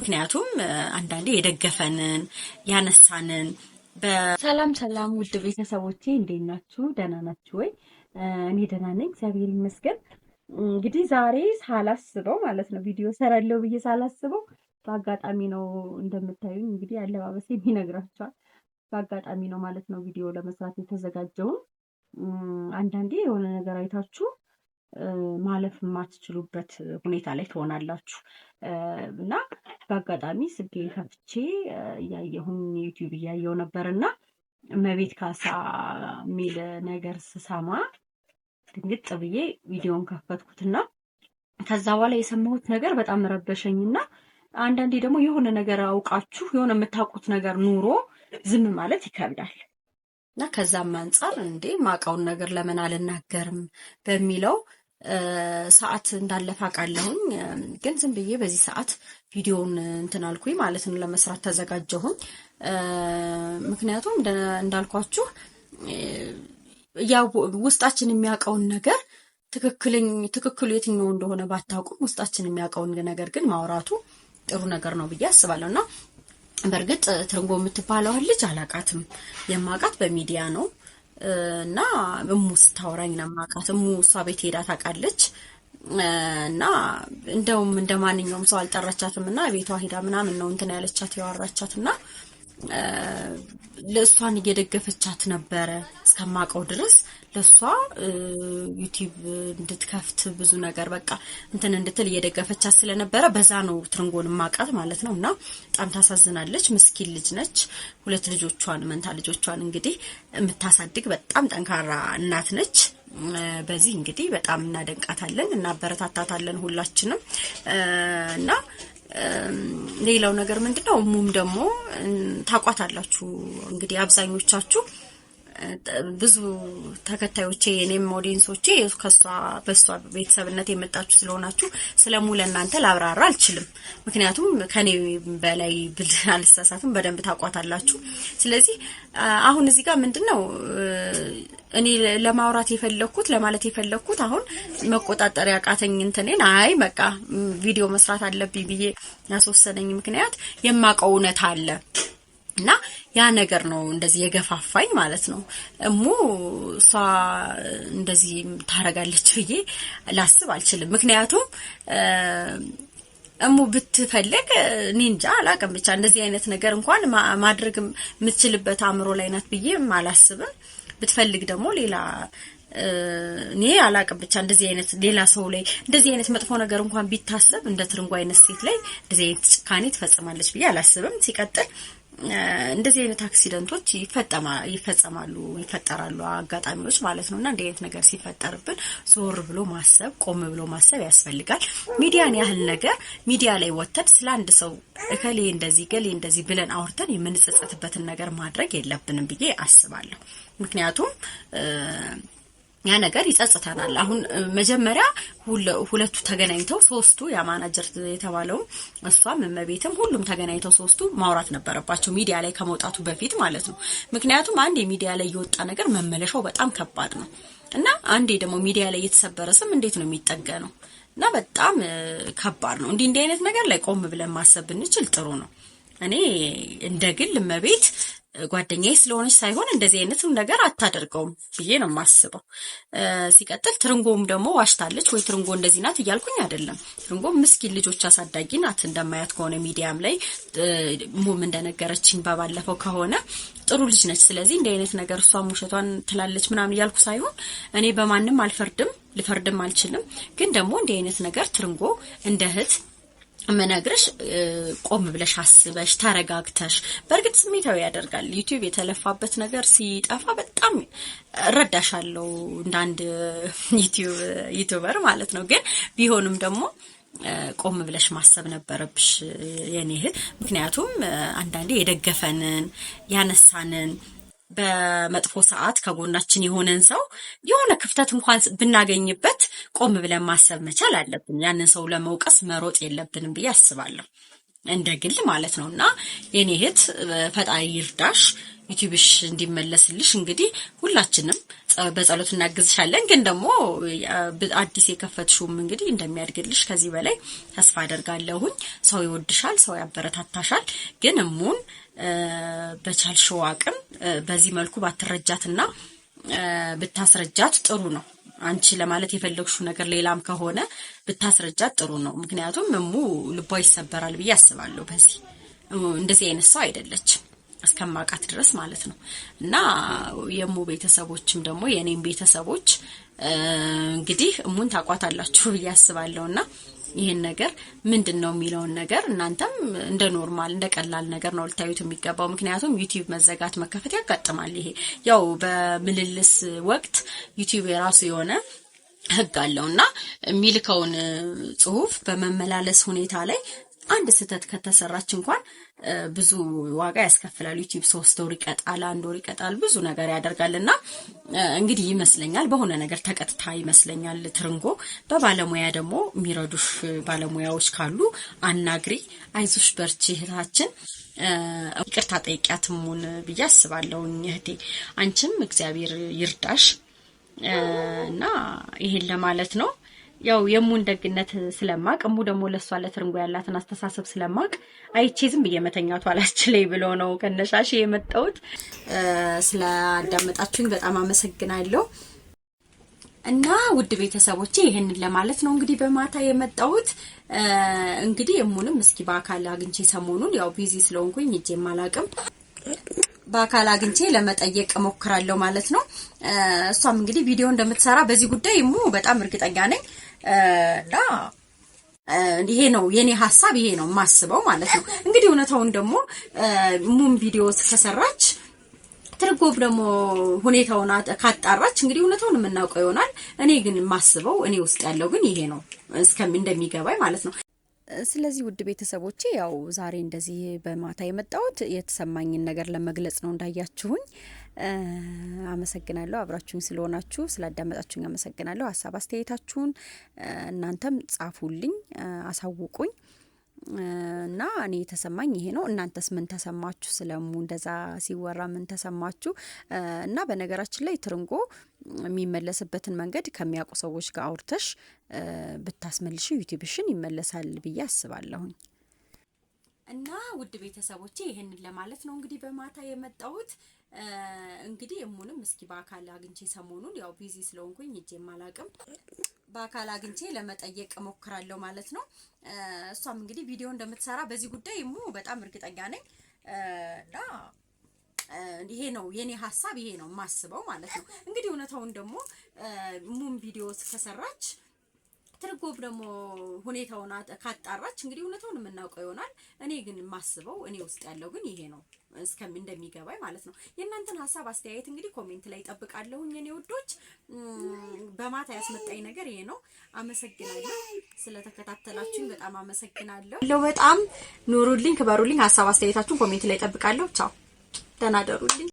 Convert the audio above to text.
ምክንያቱም አንዳንዴ የደገፈንን ያነሳንን በሰላም ሰላም፣ ውድ ቤተሰቦቼ እንዴት ናችሁ? ደህና ናችሁ ወይ? እኔ ደህና ነኝ፣ እግዚአብሔር ይመስገን። እንግዲህ ዛሬ ሳላስበው ማለት ነው ቪዲዮ ሰራለው ብዬ ሳላስበው በአጋጣሚ ነው። እንደምታዩኝ እንግዲህ አለባበሴ ይነግራችኋል። በአጋጣሚ ነው ማለት ነው ቪዲዮ ለመስራት የተዘጋጀውን። አንዳንዴ የሆነ ነገር አይታችሁ ማለፍ የማትችሉበት ሁኔታ ላይ ትሆናላችሁ። እና በአጋጣሚ ስልኬ ከፍቼ እያየሁኝ ዩቲዩብ እያየው ነበር እና መቤት ካሳ የሚል ነገር ስሰማ ድንግጥ ብዬ ቪዲዮን ከፈትኩትና ከዛ በኋላ የሰማሁት ነገር በጣም ረበሸኝ እና አንዳንዴ ደግሞ የሆነ ነገር አውቃችሁ የሆነ የምታውቁት ነገር ኑሮ ዝም ማለት ይከብዳል እና ከዛም አንጻር እንዴ ማውቃውን ነገር ለምን አልናገርም በሚለው ሰዓት እንዳለፈ አውቃለሁኝ፣ ግን ዝም ብዬ በዚህ ሰዓት ቪዲዮውን እንትን አልኩኝ ማለት ነው ለመስራት ተዘጋጀሁኝ። ምክንያቱም እንዳልኳችሁ ያው ውስጣችን የሚያውቀውን ነገር ትክክለኛ ትክክሉ የትኛው እንደሆነ ባታውቁም ውስጣችን የሚያውቀውን ነገር ግን ማውራቱ ጥሩ ነገር ነው ብዬ አስባለሁ እና በእርግጥ ትርንጎ የምትባለው ልጅ አላቃትም። የማውቃት በሚዲያ ነው። እና እሙ ስታወራኝ ነው የማውቃት። እሙ እሷ ቤት ሄዳ ታውቃለች። እና እንደውም እንደ ማንኛውም ሰው አልጠራቻትም እና ቤቷ ሄዳ ምናምን ነው እንትን ያለቻት ያወራቻት እና ለእሷን እየደገፈቻት ነበረ እስከማውቀው ድረስ ለሷ ዩቲዩብ እንድትከፍት ብዙ ነገር በቃ እንትን እንድትል እየደገፈቻት ስለነበረ በዛ ነው ትርንጎን ማቃት ማለት ነው። እና በጣም ታሳዝናለች። ምስኪን ልጅ ነች። ሁለት ልጆቿን መንታ ልጆቿን እንግዲህ የምታሳድግ በጣም ጠንካራ እናት ነች። በዚህ እንግዲህ በጣም እናደንቃታለን፣ እናበረታታታለን ሁላችንም እና ሌላው ነገር ምንድነው ሙም ደግሞ ታቋታላችሁ እንግዲህ አብዛኞቻችሁ ብዙ ተከታዮቼ የኔም ኦዲንሶቼ ከሷ በሷ ቤተሰብነት የመጣችሁ ስለሆናችሁ ስለሙ እናንተ ላብራራ አልችልም። ምክንያቱም ከኔ በላይ አልሳሳትም፣ በደንብ ታቋታላችሁ። ስለዚህ አሁን እዚህ ጋር ምንድነው እኔ ለማውራት የፈለኩት ለማለት የፈለኩት አሁን መቆጣጠር ያቃተኝ እንትኔን አይ በቃ ቪዲዮ መስራት አለብኝ ብዬ ያስወሰነኝ ምክንያት የማውቀው እውነት አለ እና ያ ነገር ነው እንደዚህ የገፋፋኝ ማለት ነው። እሙ እሷ እንደዚህ ታረጋለች ብዬ ላስብ አልችልም። ምክንያቱም እሙ ብትፈልግ እኔ እንጃ አላቅም፣ ብቻ እንደዚህ አይነት ነገር እንኳን ማድረግ የምትችልበት አእምሮ ላይ ናት ብዬ አላስብም። ብትፈልግ ደግሞ ሌላ እኔ አላቅም ብቻ እንደዚህ አይነት ሌላ ሰው ላይ እንደዚህ አይነት መጥፎ ነገር እንኳን ቢታሰብ እንደ ትርንጎ አይነት ሴት ላይ እንደዚህ አይነት ጭካኔ ትፈጽማለች ብዬ አላስብም። ሲቀጥል እንደዚህ አይነት አክሲደንቶች ይፈጸማሉ፣ ይፈጠራሉ አጋጣሚዎች ማለት ነው። እና እንደ አይነት ነገር ሲፈጠርብን ዞር ብሎ ማሰብ፣ ቆም ብሎ ማሰብ ያስፈልጋል። ሚዲያን ያህል ነገር ሚዲያ ላይ ወጥተን ስለ አንድ ሰው እከሌ እንደዚህ ገሌ እንደዚህ ብለን አውርተን የምንጸጸትበትን ነገር ማድረግ የለብንም ብዬ አስባለሁ። ምክንያቱም ያ ነገር ይጸጽተናል። አሁን መጀመሪያ ሁለቱ ተገናኝተው ሶስቱ ያ ማናጀር የተባለውም እሷም እመቤትም ሁሉም ተገናኝተው ሶስቱ ማውራት ነበረባቸው ሚዲያ ላይ ከመውጣቱ በፊት ማለት ነው። ምክንያቱም አንድ የሚዲያ ላይ የወጣ ነገር መመለሻው በጣም ከባድ ነው እና አንዴ ደግሞ ሚዲያ ላይ የተሰበረ ስም እንዴት ነው ነው እና በጣም ከባድ ነው። እንዲህ እንዲህ አይነት ነገር ላይ ቆም ብለን ማሰብ ብንችል ጥሩ ነው። እኔ እንደ ግል እመቤት ጓደኛዬ ስለሆነች ሳይሆን እንደዚህ አይነት ነገር አታደርገውም ብዬ ነው የማስበው። ሲቀጥል ትርንጎም ደግሞ ዋሽታለች ወይ ትርንጎ እንደዚህ ናት እያልኩኝ አይደለም። ትርንጎ ምስኪን ልጆች አሳዳጊ ናት። እንደማያት ከሆነ ሚዲያም ላይ ሙም እንደነገረችኝ በባለፈው ከሆነ ጥሩ ልጅ ነች። ስለዚህ እንዲህ አይነት ነገር እሷም ውሸቷን ትላለች ምናምን እያልኩ ሳይሆን እኔ በማንም አልፈርድም፣ ልፈርድም አልችልም። ግን ደግሞ እንዲህ አይነት ነገር ትርንጎ እንደ እህት ምነግርሽ ቆም ብለሽ አስበሽ ተረጋግተሽ። በእርግጥ ስሜታዊ ያደርጋል። ዩቲዩብ የተለፋበት ነገር ሲጠፋ በጣም እረዳሻለሁ እንደ አንድ ዩቲዩበር ማለት ነው። ግን ቢሆንም ደግሞ ቆም ብለሽ ማሰብ ነበረብሽ የኔ እህት። ምክንያቱም አንዳንዴ የደገፈንን ያነሳንን በመጥፎ ሰዓት ከጎናችን የሆነን ሰው የሆነ ክፍተት እንኳን ብናገኝበት ቆም ብለን ማሰብ መቻል አለብን። ያንን ሰው ለመውቀስ መሮጥ የለብንም ብዬ አስባለሁ። እንደ ግል ማለት ነው እና የኔ እህት ፈጣሪ ይርዳሽ፣ ዩቲብሽ እንዲመለስልሽ እንግዲህ ሁላችንም በጸሎት እናግዝሻለን። ግን ደግሞ አዲስ የከፈትሽውም እንግዲህ እንደሚያድግልሽ ከዚህ በላይ ተስፋ አደርጋለሁኝ። ሰው ይወድሻል፣ ሰው ያበረታታሻል። ግን እሙን በቻልሽው አቅም በዚህ መልኩ ባትረጃትና ብታስረጃት ጥሩ ነው። አንቺ ለማለት የፈለግሽው ነገር ሌላም ከሆነ ብታስረጃት ጥሩ ነው። ምክንያቱም እሙ ልቧ ይሰበራል ብዬ አስባለሁ። በዚህ እንደዚህ አይነት ሰው አይደለችም እስከማውቃት ድረስ ማለት ነው። እና የእሙ ቤተሰቦችም ደግሞ የእኔም ቤተሰቦች እንግዲህ እሙን ታቋታላችሁ ብዬ አስባለሁ እና ይህን ነገር ምንድን ነው የሚለውን ነገር እናንተም እንደ ኖርማል እንደ ቀላል ነገር ነው ልታዩት የሚገባው። ምክንያቱም ዩቲዩብ መዘጋት መከፈት ያጋጥማል። ይሄ ያው በምልልስ ወቅት ዩቲዩብ የራሱ የሆነ ህግ አለው እና የሚልከውን ጽሁፍ በመመላለስ ሁኔታ ላይ አንድ ስህተት ከተሰራች እንኳን ብዙ ዋጋ ያስከፍላል። ዩቲዩብ ሶስት ወር ይቀጣል፣ አንድ ወር ይቀጣል፣ ብዙ ነገር ያደርጋል። እና እንግዲህ ይመስለኛል በሆነ ነገር ተቀጥታ ይመስለኛል ትርንጎ። በባለሙያ ደግሞ የሚረዱሽ ባለሙያዎች ካሉ አናግሪ። አይዞሽ በርቺ እህታችን። ይቅርታ ጠይቂያት ሙን ብዬ አስባለሁ እህቴ። አንቺም እግዚአብሔር ይርዳሽ እና ይሄን ለማለት ነው። ያው የሙን ደግነት ስለማቅ እሙ ደግሞ ለእሷ ለትርንጎ ያላትን አስተሳሰብ ስለማቅ አይቼ ዝም እየመተኛቱ አላስችለኝ ብሎ ነው ከነሻሽ የመጣሁት። ስላዳመጣችሁኝ በጣም አመሰግናለሁ። እና ውድ ቤተሰቦቼ ይሄንን ለማለት ነው እንግዲህ በማታ የመጣሁት። እንግዲህ የሙንም እስኪ በአካል አግኝቼ ሰሞኑን ያው ቢዚ ስለሆንኩኝ እጄ አላቅም በአካል አግኝቼ ለመጠየቅ እሞክራለሁ ማለት ነው። እሷም እንግዲህ ቪዲዮ እንደምትሰራ በዚህ ጉዳይ ሙ በጣም እርግጠኛ ነኝ። እና ይሄ ነው የኔ ሀሳብ፣ ይሄ ነው የማስበው ማለት ነው። እንግዲህ እውነታውን ደግሞ ሙም ቪዲዮ ከሰራች ትርጉም ደግሞ ሁኔታውን ካጣራች እንግዲህ እውነታውን የምናውቀው ይሆናል። እኔ ግን የማስበው እኔ ውስጥ ያለው ግን ይሄ ነው እስከም እንደሚገባኝ ማለት ነው። ስለዚህ ውድ ቤተሰቦቼ ያው ዛሬ እንደዚህ በማታ የመጣሁት የተሰማኝን ነገር ለመግለጽ ነው እንዳያችሁኝ አመሰግናለሁ። አብራችሁኝ ስለሆናችሁ ስላዳመጣችሁኝ አመሰግናለሁ። ሀሳብ አስተያየታችሁን እናንተም ጻፉልኝ፣ አሳውቁኝ እና እኔ የተሰማኝ ይሄ ነው። እናንተስ ምን ተሰማችሁ? ስለሙ እንደዛ ሲወራ ምን ተሰማችሁ? እና በነገራችን ላይ ትርንጎ የሚመለስበትን መንገድ ከሚያውቁ ሰዎች ጋር አውርተሽ ብታስመልሽ ዩቲብሽን ይመለሳል ብዬ አስባለሁኝ። እና ውድ ቤተሰቦቼ ይህንን ለማለት ነው እንግዲህ በማታ የመጣሁት። እንግዲህ እሙንም እስኪ በአካል አግኝቼ ሰሞኑን ያው ቢዚ ስለሆንኩኝ ሂጄም አላቅም በአካል አግኝቼ ለመጠየቅ እሞክራለሁ ማለት ነው። እሷም እንግዲህ ቪዲዮ እንደምትሰራ በዚህ ጉዳይ እሙ በጣም እርግጠኛ ነኝ እና ይሄ ነው የኔ ሀሳብ፣ ይሄ ነው የማስበው ማለት ነው። እንግዲህ እውነታውን ደግሞ ሙም ቪዲዮ ከሰራች ትርጉም ደግሞ ሁኔታውን ካጣራች እንግዲህ እውነታውን የምናውቀው ይሆናል። እኔ ግን የማስበው እኔ ውስጥ ያለው ግን ይሄ ነው እስከም እንደሚገባኝ ማለት ነው። የእናንተን ሀሳብ አስተያየት እንግዲህ ኮሜንት ላይ ጠብቃለሁኝ። እኔ ውዶች በማታ ያስመጣኝ ነገር ይሄ ነው። አመሰግናለሁ ስለተከታተላችሁኝ፣ በጣም አመሰግናለሁ። ለው በጣም ኑሩልኝ፣ ክበሩልኝ። ሀሳብ አስተያየታችሁን ኮሜንት ላይ ጠብቃለሁ። ቻው፣ ደህና ደሩልኝ።